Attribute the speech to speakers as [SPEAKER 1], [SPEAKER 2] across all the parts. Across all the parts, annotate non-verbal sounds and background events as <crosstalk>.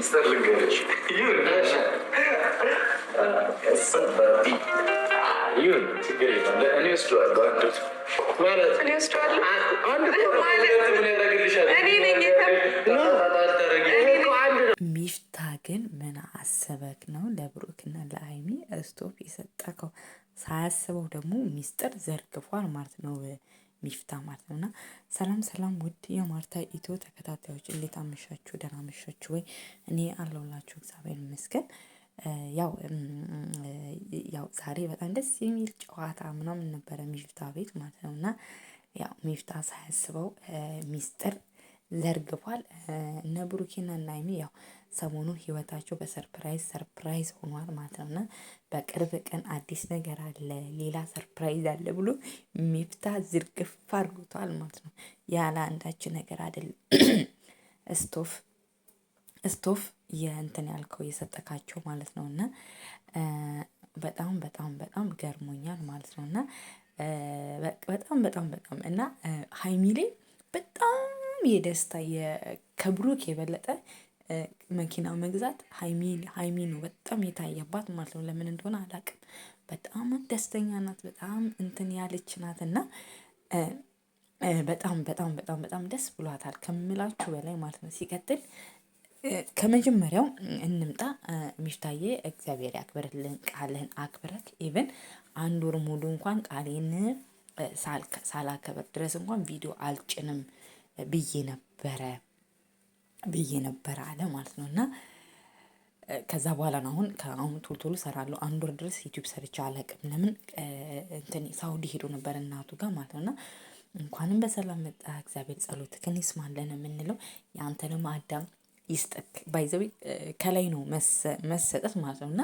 [SPEAKER 1] ሚስተር ልንገርሽ ይሁን ይሁን ችግር የለም እኔ ወስደዋለሁ
[SPEAKER 2] አንዱ
[SPEAKER 1] ማለት
[SPEAKER 3] ሚፍታ ግን ምን አሰበክ ነው ለብሩክና ለአይሚ እስቶፕ የሰጠከው? ሳያስበው ደግሞ ሚስጥር ዘርግፏል ማለት ነው። ሚፍታ ማለት ነው እና ሰላም ሰላም፣ ውድ የማርታ ኢትዮ ተከታታዮች እንዴት አመሻችሁ? ደህና አመሻችሁ ወይ? እኔ አለሁላችሁ እግዚአብሔር ይመስገን። ያው ያው ዛሬ በጣም ደስ የሚል ጨዋታ ምናምን ነበረ ሚፍታ ቤት ማለት ነው እና ያው ሚፍታ ሳያስበው ሚስጥር ዘርግፏል። እነ ብሩኬና እነ ሀይሚ ያው ሰሞኑን ህይወታቸው በሰርፕራይዝ ሰርፕራይዝ ሆኗል ማለት ነው። እና በቅርብ ቀን አዲስ ነገር አለ ሌላ ሰርፕራይዝ አለ ብሎ ሚፍታ ዝርግፍ አድርጎታል ማለት ነው። ያለ አንዳች ነገር አይደለም። <clears throat> ስቶፍ ስቶፍ የእንትን ያልከው የሰጠካቸው ማለት ነው። እና በጣም በጣም በጣም ገርሞኛል ማለት ነው። እና በጣም በጣም በጣም እና ሀይሚ ላይ በጣም የደስታ ከብሩክ የበለጠ መኪና መግዛት ሀይሚን ሀይሚ ነው በጣም የታየባት ማለት ነው። ለምን እንደሆነ አላውቅም። በጣም ደስተኛ ናት። በጣም እንትን ያለች ናት እና በጣም በጣም በጣም በጣም ደስ ብሏታል ከምላችሁ በላይ ማለት ነው። ሲቀጥል ከመጀመሪያው እንምጣ። ሚፍታዬ እግዚአብሔር ያክብርልን፣ ቃልህን አክብረክ ኢቨን አንድ ወር ሙሉ እንኳን ቃሌን ሳላከብር ድረስ እንኳን ቪዲዮ አልጭንም ብዬ ነበረ ብዬ ነበረ አለ ማለት ነው። እና ከዛ በኋላ ነው አሁን ከአሁን ቶሎ ሰራሉ አንድ ወር ድረስ ዩቲዩብ ሰርቼ አላውቅም። ለምን እንትን ሳውዲ ሄዶ ነበር እናቱ ጋር ማለት ነው እና እንኳንም በሰላም መጣ እግዚአብሔር ጸሎትህን ይስማልን የምንለው የአንተንም አዳም ይስጠቅ ባይዘዊ ከላይ ነው መሰጠት ማለት ነው። እና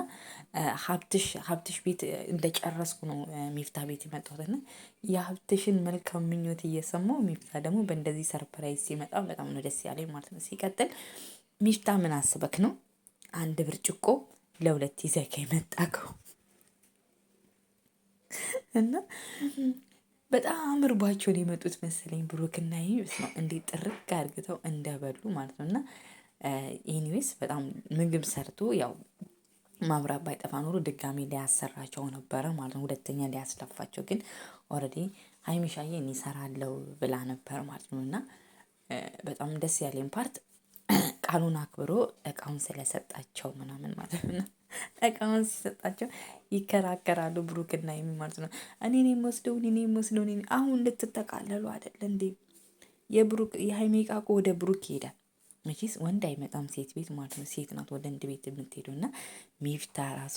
[SPEAKER 3] ሀብትሽ ሀብትሽ ቤት እንደጨረስኩ ነው ሚፍታ ቤት የመጣሁትና የሀብትሽን መልካም ምኞት እየሰማው ሚፍታ ደግሞ በእንደዚህ ሰርፕራይዝ ሲመጣ በጣም ነው ደስ ያለኝ ማለት ነው። ሲቀጥል ሚፍታ ምን አስበክ ነው አንድ ብርጭቆ ለሁለት ይዘካ የመጣከው? እና በጣም እርቧቸውን የመጡት መሰለኝ ብሩክና ይህ ነው እንዴት ጥርቅ አርግተው እንደበሉ ማለት ነው እና ኢኒዌስ በጣም ምግብ ሰርቶ ያው ማብራት ባይጠፋ ኖሮ ድጋሚ ሊያሰራቸው ነበረ ማለት ነው። ሁለተኛ ሊያስለፋቸው ግን ኦልሬዲ ሀይሚሻዬ እኔ እሰራለሁ ብላ ነበር ማለት ነው። እና በጣም ደስ ያለኝ ፓርት ቃሉን አክብሮ እቃውን ስለሰጣቸው ምናምን ማለት ነው። እቃውን ሲሰጣቸው ይከራከራሉ ብሩክና ሀይሚ ማለት ነው። እኔ እኔ የምወስደው እኔ የምወስደው አሁን ልትጠቃለሉ አይደለ እንዴ? የብሩክ የሀይሚ እቃ እኮ ወደ ብሩክ ይሄዳል መቼስ ወንድ አይመጣም ሴት ቤት ማለት ነው። ሴት ናት ወደ ወንድ ቤት የምትሄደው እና ሚፍታ ራሱ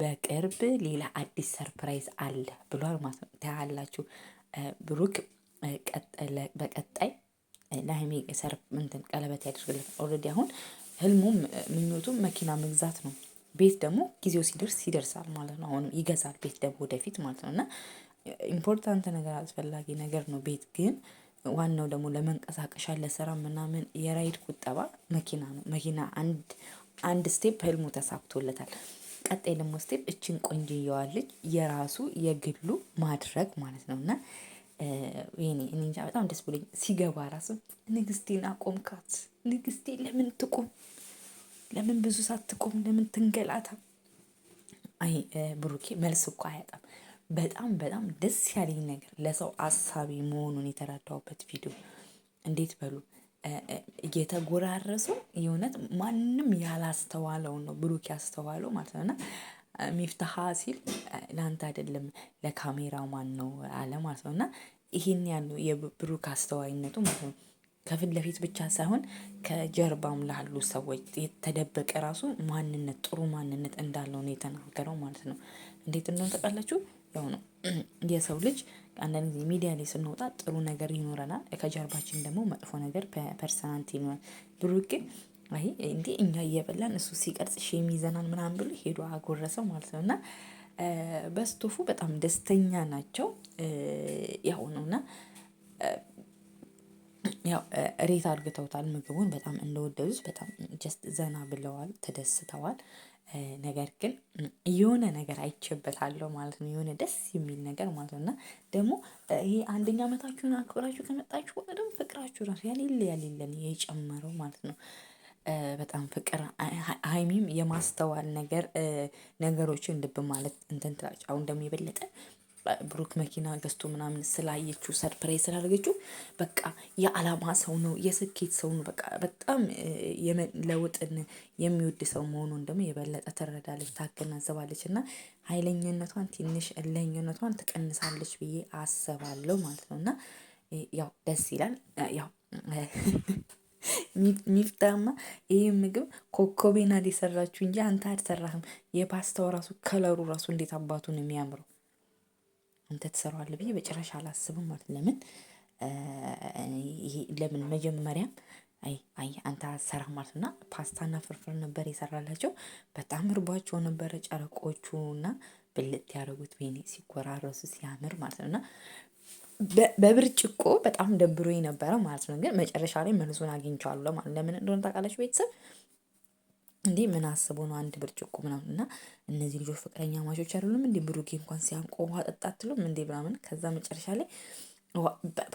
[SPEAKER 3] በቅርብ ሌላ አዲስ ሰርፕራይዝ አለ ብሏል ማለት ነው። ታያላችሁ ብሩክ በቀጣይ ለሀይሜ ሰርፕ እንትን ቀለበት ያደርግለት። ኦልሬዲ አሁን ህልሙም ምኞቱም መኪና መግዛት ነው። ቤት ደግሞ ጊዜው ሲደርስ ይደርሳል ማለት ነው። አሁንም ይገዛል ቤት ደግሞ ወደፊት ማለት ነው እና ኢምፖርታንት ነገር አስፈላጊ ነገር ነው ቤት ግን ዋናው ደግሞ ለመንቀሳቀሻ ለስራ ምናምን የራይድ ቁጠባ መኪና ነው። መኪና አንድ አንድ ስቴፕ ህልሙ ተሳክቶለታል። ቀጣይ ደግሞ ስቴፕ እችን ቆንጅየዋን ልጅ የራሱ የግሉ ማድረግ ማለት ነው። እና ይኔ እኔ እንጃ በጣም ደስ ብሎኝ ሲገባ ራሱ ንግስቴን አቆምካት ንግስቴ ለምን ትቁም? ለምን ብዙ ሳትቆም ለምን ትንገላታ? አይ ብሩኬ መልስ እኮ አያጣም በጣም በጣም ደስ ያለኝ ነገር ለሰው አሳቢ መሆኑን የተረዳሁበት ቪዲዮ እንዴት በሉ እየተጎራረሱ የእውነት ማንም ያላስተዋለውን ነው ብሩክ ያስተዋለው ማለት ነውና እና ሲል ለአንተ አይደለም ለካሜራው ማን ነው አለ ማለት ነው እና ይህን ያለው የብሩክ አስተዋይነቱ ማለት ነው ከፊት ለፊት ብቻ ሳይሆን ከጀርባም ላሉ ሰዎች የተደበቀ ራሱ ማንነት ጥሩ ማንነት እንዳለው ነው የተናገረው ማለት ነው። እንዴት እንደሆነ ታውቃላችሁ? ያው ነው የሰው <clears throat> ልጅ አንዳንድ ጊዜ ሚዲያ ላይ ስንወጣ ጥሩ ነገር ይኖረናል፣ ከጀርባችን ደግሞ መጥፎ ነገር ፐርሰናልቲ ይኖራል። ብሩክ ግን አይ እንዴ እኛ እየበላን እሱ ሲቀርጽ ሼም ይዘናል ምናምን ብሎ ሄዶ አጎረሰው ማለት ነው። እና በስቶፉ በጣም ደስተኛ ናቸው ያው ነው እና ያው ሬት አድርገውታል ምግቡን በጣም እንደወደዱት በጣም ጀስት ዘና ብለዋል፣ ተደስተዋል። ነገር ግን የሆነ ነገር አይቼበታለሁ ማለት ነው። የሆነ ደስ የሚል ነገር ማለት ነው። እና ደግሞ ይሄ አንደኛ አመታችሁን አክብራችሁ ከመጣችሁ በኋላ ደግሞ ፍቅራችሁ ራሱ ያሌለ ያሌለን የጨመረው ማለት ነው። በጣም ፍቅር ሀይሚም የማስተዋል ነገር ነገሮችን ልብ ማለት እንትን ትላለች። አሁን ደግሞ የበለጠ ብሩክ መኪና ገዝቶ ምናምን ስላየችው ሰርፕራይዝ ስላደረገችው በቃ የዓላማ ሰው ነው፣ የስኬት ሰው ነው። በቃ በጣም ለውጥን የሚወድ ሰው መሆኑን ደግሞ የበለጠ ትረዳለች፣ ታገናዘባለች እና ኃይለኝነቷን ትንሽ እለኝነቷን ትቀንሳለች ብዬ አስባለሁ ማለት ነው እና ያው ደስ ይላል። ያው ሚፍታማ ይህ ምግብ ኮኮቤ የሰራችሁ እንጂ አንተ አልሰራህም። የፓስታው ራሱ ከለሩ ራሱ እንዴት አባቱን የሚያምረው አንተ ትሰራዋለህ ብዬ በጭራሽ አላስብም ማለት ለምን ለምን መጀመሪያም አይ አይ አንተ አትሰራም ማለት እና ፓስታና ፍርፍር ነበር የሰራላቸው በጣም እርቧቸው ነበረ ጨረቆቹና ብልጥ ያደረጉት ወይኔ ሲጎራረሱ ሲያምር ማለት ነው እና በብርጭቆ በጣም ደብሮ ነበረ ማለት ነው ግን መጨረሻ ላይ መልሱን ማለት ለምን እንደሆነ ታውቃላችሁ ቤተሰብ እንዴ ምን አስቦ ነው አንድ ብርጭቆ ምናምን እና እነዚህ ልጆች ፍቅረኛ ማቾች አይደሉም እንዴ ብሩኬ እንኳን ሲያንቆ ውሃ ጠጣ አትሉም እንዴ ምናምን ከዛ መጨረሻ ላይ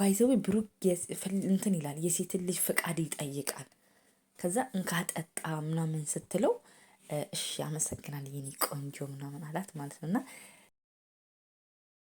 [SPEAKER 3] ባይዘዌ ብሩክ እንትን ይላል የሴትን ልጅ ፍቃድ ይጠይቃል ከዛ እንካ ጠጣ ምናምን ስትለው እሺ አመሰግናል የኔ ቆንጆ ምናምን አላት ማለት ነው እና